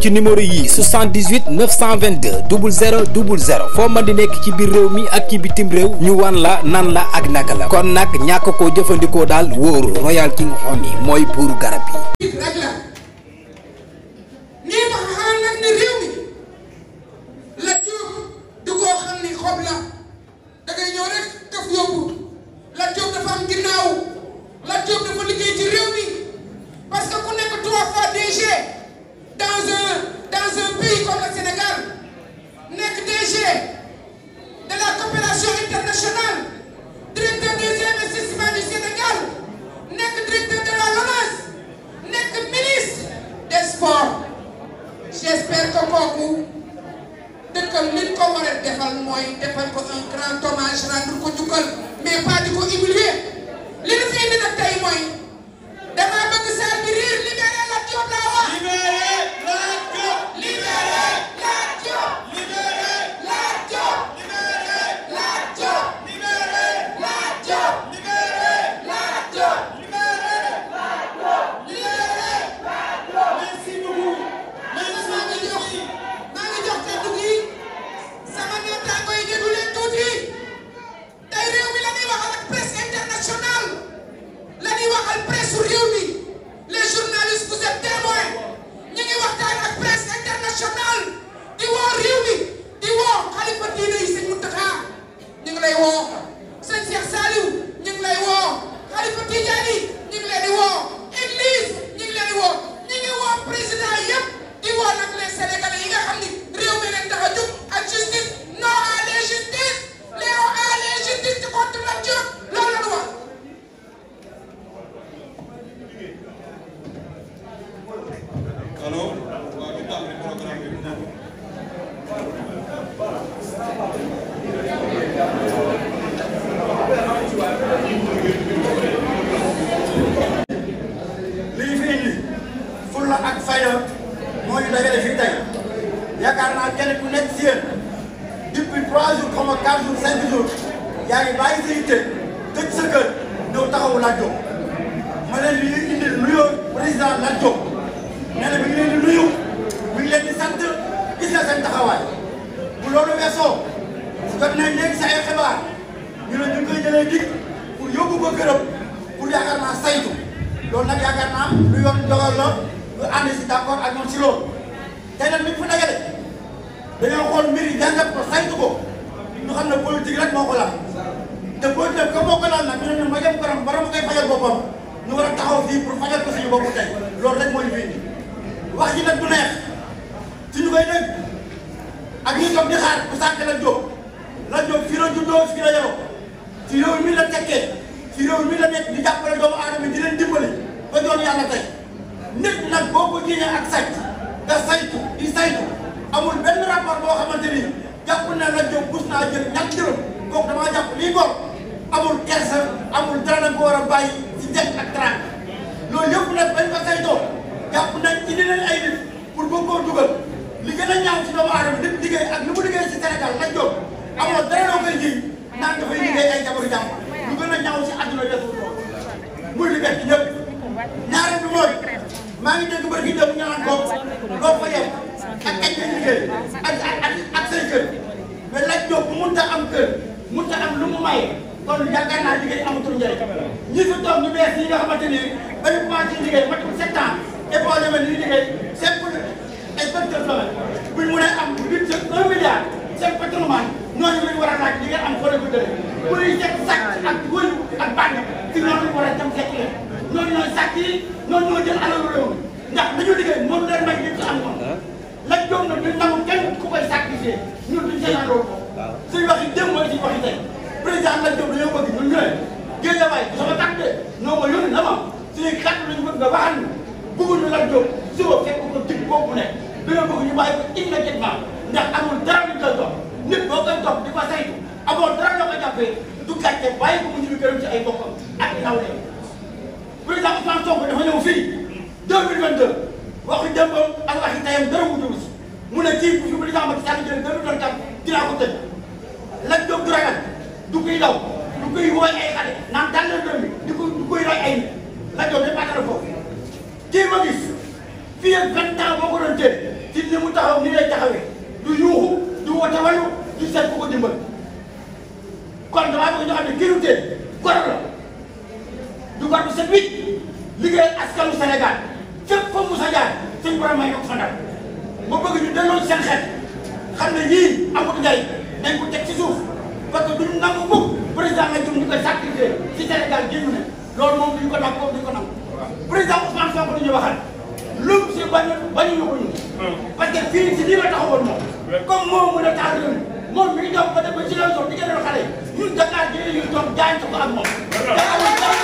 ci numéro yii 78 922 00 00 foo di nekk ci biir réew mi ak ci bitim réew ñu wan la nan la ak naka la kon nag ñàkk ko jëfandikoo daal wóoru Royal King Honey mooy buuru garab yi. Lat Diop dafa liggéey ci réew mi parce que nekk trois fois DG nationale après programme bi lii fi indi fulla ak fayda moo ñu dajale naa kenn ku nekk si yéen depuis trois jours comme quatre jours cinq jours yaa ngi bàyyi sa yitte tëj ma ne lii indi nuyoo président Lat Diop nee na bi ñu leen jot nañ léegi sa ay ñu ne ñu ngi koy jëlee pour yóbbu ko këram pour yaakaar naa saytu loolu nag yaakaar naa lu yoon dogal si d'accord ak ñoom si loolu. tey nag ñu mbir yi jàngat ko ko ñu xam ne politique rek moo ko laal te politique ko moo ko laal nag ñu ne ñu ma jëm këram borom koy fajal boppam ñu war a taxaw fii pour fajal ko suñu bopp tey loolu rek moo ñu fi indi wax ji nag du neex koy dégg ak ñi toog di xaar bu sàkk la jóg. Lat Diop fii la juddoo fii la yaroo ci réew mi la tekkee ci réew mi la mi di jàppale doomu aadama di leen dimbali ba doon yàlla tey nit nag boo ko jiñee ak sàcc te saytu di saytu amul benn rapport boo xamante ni jàpp na Lat Diop bus naa jël ñàkk jërëm kooku damaa jàpp lii gor amul kersa amul dara na ko war a bàyyi ci teg ak traak loolu yëpp nag bañ ko saytoo jàpp nañ indi leen ay nit pour bëgg koo dugal li gën a ñaaw ci doomu aadama nit liggéey ak li mu amoo dara doo koy jëriñ naan dafay liggéey ay jabaru jàmm lu gën a ñaaw si àdduna deful ko muy li bett ñëpp ñaareel bi mooy maa ngi dégg bëri dem ñu naan ko doo fa yem ak kañ lañ liggéey ak ak ak say kër mais am kër mënut am lu mu maye kon yaakaar naa liggéey amatul njëriñ ñi fi toog ñu bees yi nga xamante ni ba ñu commencé liggéey matul sept ans et boo demee li liggéey seen ay vingt-deux semaines bu ñu mënee am huit un milliard seen patrimoine ñooñu lañ war a laaj li nga am foo leen ko jëlee bu ñuy fekk sàcc ak wëlu ak bànn ci ñoom lañ war a dem fekk leen ñooñu ñooy sàcc yi ñooñu ñoo jël alalu réew mi ndax dañu liggéey moom leen may liñ ci am moom lañ joom nag duñ nangu kenn ku koy sacrifié ñun duñ seen loolu ko suñu waxi démb mooy suñu waxi tey président lañ joom dañoo bëgg ñun ñu ne géejawaay bi sama tàkk de ñoo ma yónni na ma suñuy xàtt lañ bëgg nga waxal ñu bëgguñu lañ joom suba fekk ko dig boobu ne dañoo bëgg ñu bàyyi ko jàppee du gàcce bàyyi ko mu ci gërëm ci ay bokkam ak ndaw leen président Ousmane Sonko dafa ñëw fii 2022 waxu mu bu fi président Macky Sall jëlee 2024 dinaa ko tëj la jóg du ragal du koy daw du koy wooy ay xale naan daal la doon di ko du koy roy ay la jóg dañ bàggal foofu kii ma gis fii ak vingt ans boo ko jël ci li mu taxaw ni lay taxawee du yuuxu du wote wayu du seet ku ko dimbal kon damaa bëgg ñu xam ne génutee gor la du gor bu set wicc liggéeyal askanu Sénégal fépp foofu Moussa Diagne suñu borom may yokk fa ma bëgg ñu delloo seen xel xam ne yii amut njariñ nañ ko teg ci suuf parce que duñu nangu mukk président nga jum ñu koy ko nangu boobu duñu ko nangu a taal réew moom mi ngi dox ba dem ba ci région bi di gën a xale ñun Dakar jëlee ñu toog jaay ko ak moom.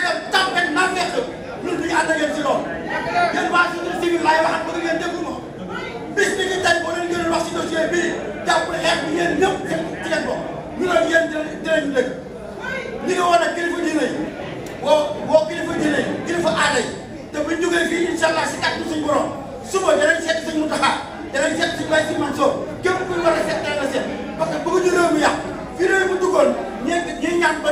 yéen laay waxaat bëgg ngeen déglu ma bis bi ñu tey boo leen gën a wax ci dossier bi jàppale xeex bi yéen ñëpp ci leen bokk ñu doon yéen dinañ dégg ñi nga woon ak kilifa diine yi woo woo kilifa diine yi kilifa aada yi te bu ñu jógee fii incha allah si kàddu suñu borom suba danañ seet suñu Muntaxa danañ seet suñu Baye Si Mansour képp kuy war a seet danañ la seet parce que bëgguñu réew mi yàq fii réew mi duggoon ñee ñee ñaan ba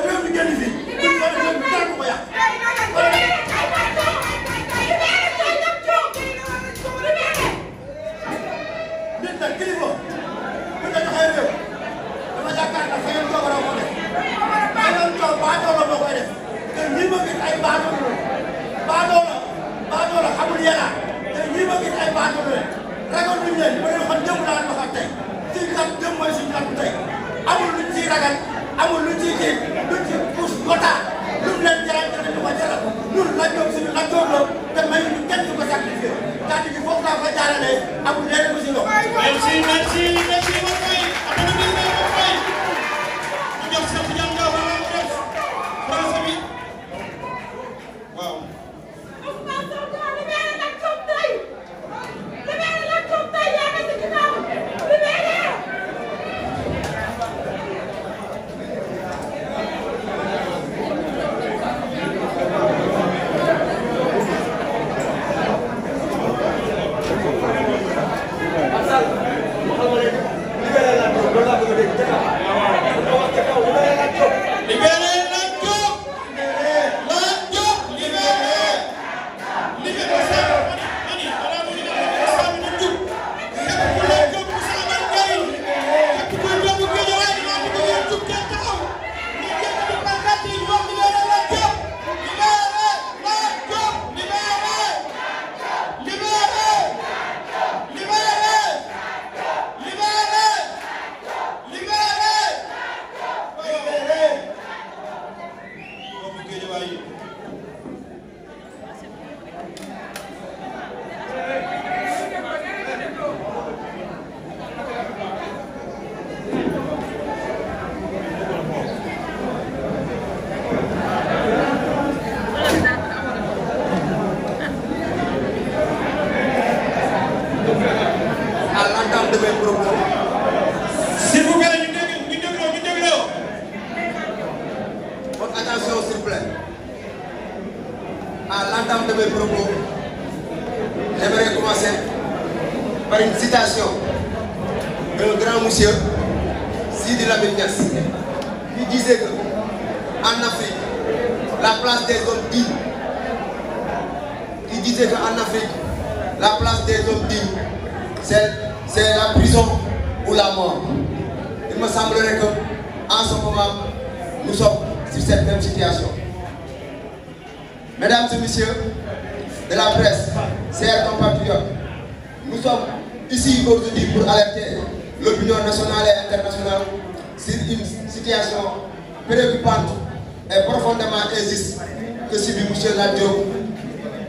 en Afrique la place des hommes dignes il disait qu'en Afrique la place des hommes dignes c'est c'est la prison ou la mort il me semblerait que en ce moment nous sommes sur cette même situation mesdames de la presse chers compatriotes nous sommes ici aujourd'hui pour alerter l'opinion nationale et internationale sur une situation préoccupante est profondément injuste que subit M. Ladiop,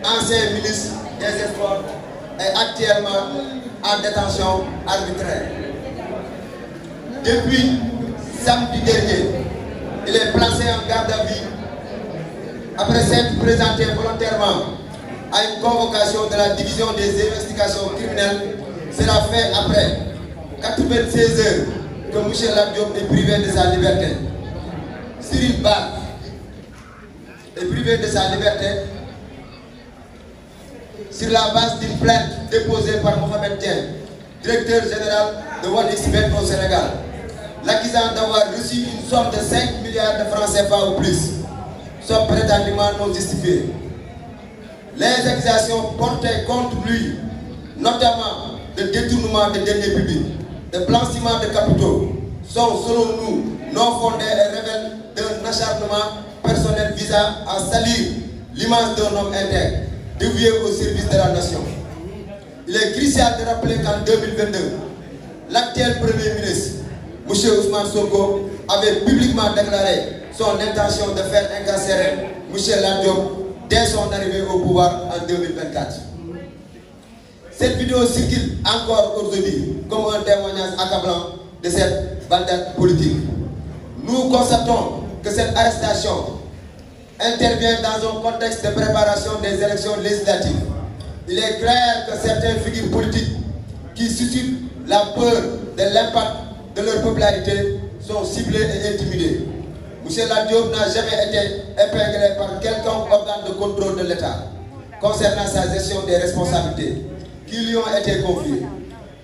ancien ministre des Sports et actuellement en détention arbitraire. Depuis samedi dernier, il est placé en garde à vue après s'être présenté volontairement à une convocation de la division des investigations criminelles. Cela fait après heures que M. Ladiop est privé de sa liberté. Cyril Ba est privé de sa liberté sur la base d'une plainte déposée par Mohamed Dieng, directeur général de Wallis-Bett au Sénégal, l'accusant d'avoir reçu une somme de milliards de francs CFA ou plus, somme prétendument non justifiée. Les accusations portées contre lui, notamment de détournement de deniers publics, de blanchiment de capitaux, sont selon nous non fondées et révèlent d'un acharnement visant à salir l'image d'un homme intègre dévoué au service de la nation. Il est de rappeler qu'en 2022, l'actuel Premier ministre, M. Ousmane Sonko, avait publiquement déclaré son intention de faire incarcérer M. Landiop dès son arrivée au pouvoir en Cette vidéo circule encore aujourd'hui comme un témoignage accablant de cette vendette politique. Nous constatons que cette arrestation intervient dans un contexte de préparation des élections législatives. Il est clair que certaines figures politiques qui suscitent la peur de l'impact de leur popularité sont ciblées et intimidées. M. Ladiop n'a jamais été épinglé par quelqu'un organe de contrôle de l'État concernant sa gestion des responsabilités qui lui ont été confiées.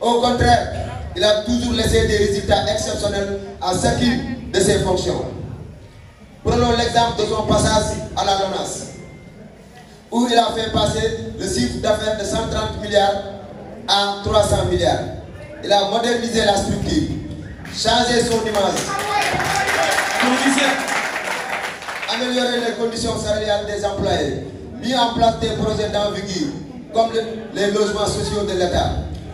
Au contraire, il a toujours laissé des résultats exceptionnels à chacune de ses fonctions. Prenons l'exemple de son passage à la LONAS, où il a fait passer le chiffre d'affaires de milliards à milliards. Il a modernisé la structure, changé son image, amélioré les conditions salariales des employés, mis en place comme les logements sociaux de l'État,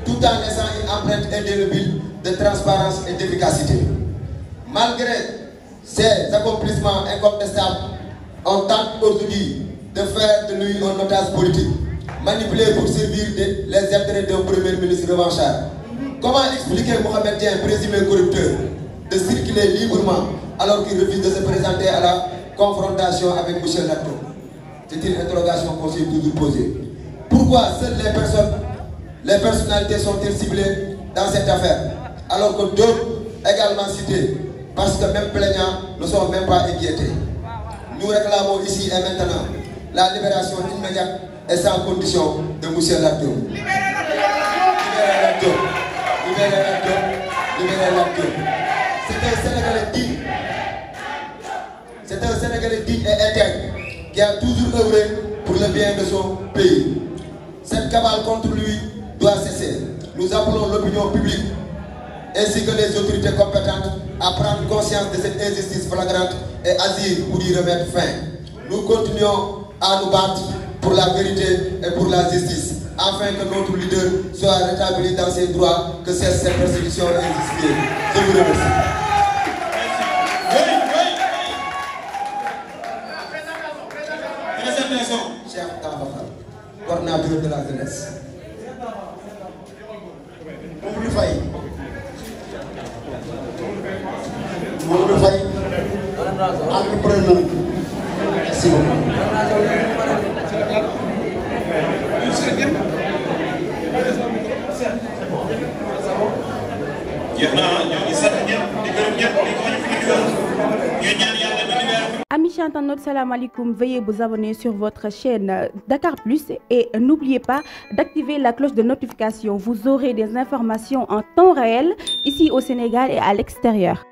tout en laissant une empreinte indélébile de transparence et d'efficacité. Malgré Ces accomplissements incontestables on tente aujourd'hui de faire de lui un otage politique, manipulé pour servir de, les intérêts d'un premier ministre revanchard. Comment expliquer Mohamed Dieng, présumé corrupteur, de circuler librement alors qu'il refuse de se présenter à la confrontation avec Michel Natto C'est interrogation qu'on s'est toujours Pourquoi seules les personnes, les personnalités sont-elles ciblées dans cette affaire, alors que d'autres également citées parce que même plaignants ne sont même pas inquiétés. Nous réclamons ici et maintenant la libération immédiate et sans condition de Monsieur Lat Diop. Libérez Lat Diop. Libérez Lat Diop. Libérez Lat Diop. C'est un Sénégalais digne. C'est un Sénégalais digne et intègre qui a toujours œuvré pour le bien de son pays. Cette cabale contre lui doit cesser. Nous appelons l'opinion publique ainsi que les autorités compétentes à prendre conscience de cette injustice flagrante et agir pour y remettre fin. Nous continuons à nous battre pour la vérité et pour la justice, afin que notre leader soit rétabli dans ses droits, que cesse cette persécution injustifiée. Je vous de la jeunesse. entrepreneur. merci beaucoup. yéen a vous abonner sur votre chaîne Dakar Plus et n'oubliez pas d'activer la cloche de notification. Vous aurez des informations en temps réel ici au Sénégal et à l'extérieur.